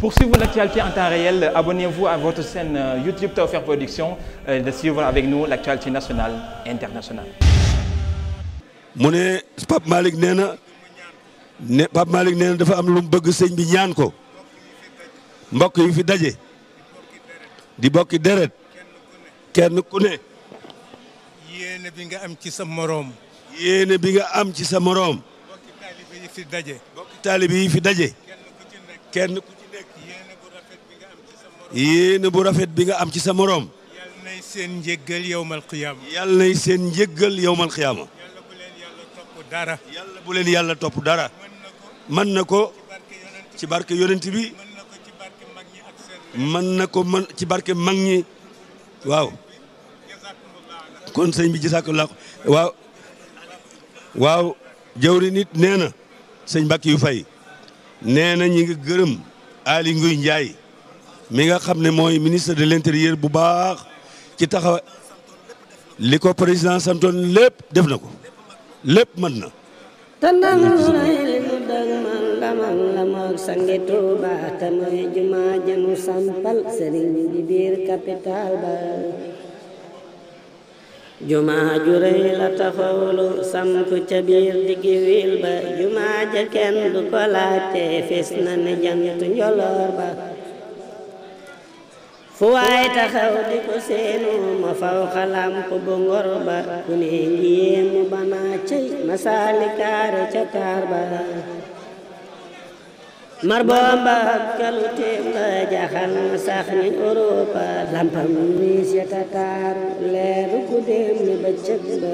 Pour suivre l'actualité en temps réel, abonnez-vous à votre chaîne euh, YouTube Tawfekh Production euh, et de suivre avec nous l'actualité nationale et internationale. mu ne Pape Malick nee na ne Pape Malick nee dafa am lu mu bëgg sëñ bi ñaan ko mbokk yi fi daje di bokki deret kenn ku ne. yéene bi nga am ci sa moroom. yéene bi nga am ci sa moroom. bokki fi daje. bokki kenn ku yéene bu rafet bi nga am ci sa moroom. yal nay seen njëggal yowmal qiyaama. yal nay seen njëggal yowmal qiyaama. yàlla bu yàlla topp dara. yàlla na ko ci barke yonent bi. mën na ko man ci barke mag ñi waaw. kon sëñ bi jisaakallah waaw. waaw jawri nit nee na sëñ Mbàkke yu fay nee na ñi ngi gërëm Aly nguy njaay mi nga xam ne mooy ministre de l'intérieur bu baax ci taxaw li ko président santoon lépp def na ko lépp mën na te nangal nay li mu dag man lamal la moog sangi Tuuba te mooy jumaa janu sampal sëriñ bi biir capital ba jumaa ju rëy la taxawlu samp ca biir diggi ba jumaa ja kenn du ko laajte fis na ne jant njoloor ba fu waay taxaw di ko seenu ma faw xalam ko ba ngor ba ku ne ngi yéemu banaa cey masaali kaare ca kaar ba mar bomba ak kalu teem ba jaxal na sax ni Europa lampam wiis ya tataaru leeru ku dem ni bëccëg ba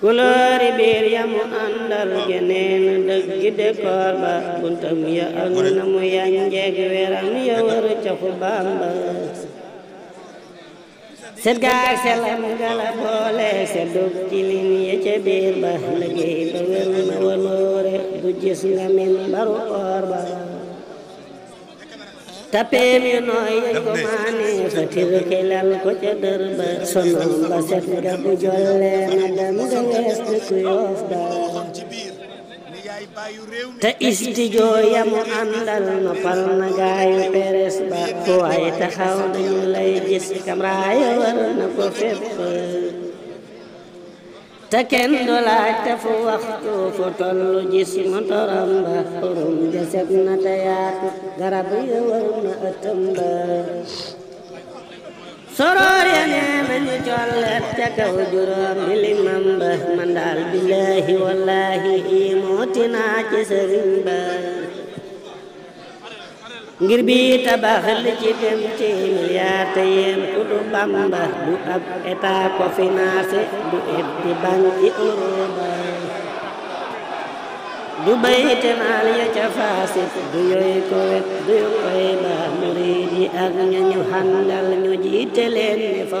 kuloori biir ya mu àndal geneen dëggi dékoor ba buntam ya ak na mu yanjeeg weram ya wër cofu Bàmba set gaak selam gala boole sedug cilin ya ca biir ba liggéey ba wér na waloore du gis nga min baru koor ba tapeem yu nooy ko maanee fa tir ko ca dër ba sonoom ba set ga bu jollee na dem ga lees dëkku yoof ba te istijoo yamu àndal noppal na gaayu peres ba fu waay taxaw dañu lay gis kamraaya war na ko fépp te kenn fu waxtu fu tollu gis motoram ba xurum jaset na te yaatu garab ya wër na ca kaw juróom bi billaahi wallaahi ii mooti naa ngir bi tabaxal ci dem ci milliard te yéen Bamba du ab état ko financé et di banque Europe du bayte maal ya ca faasit du yoy ko wet du koy ba murid yi ak ñañu xandal ñu jiite leen ne fa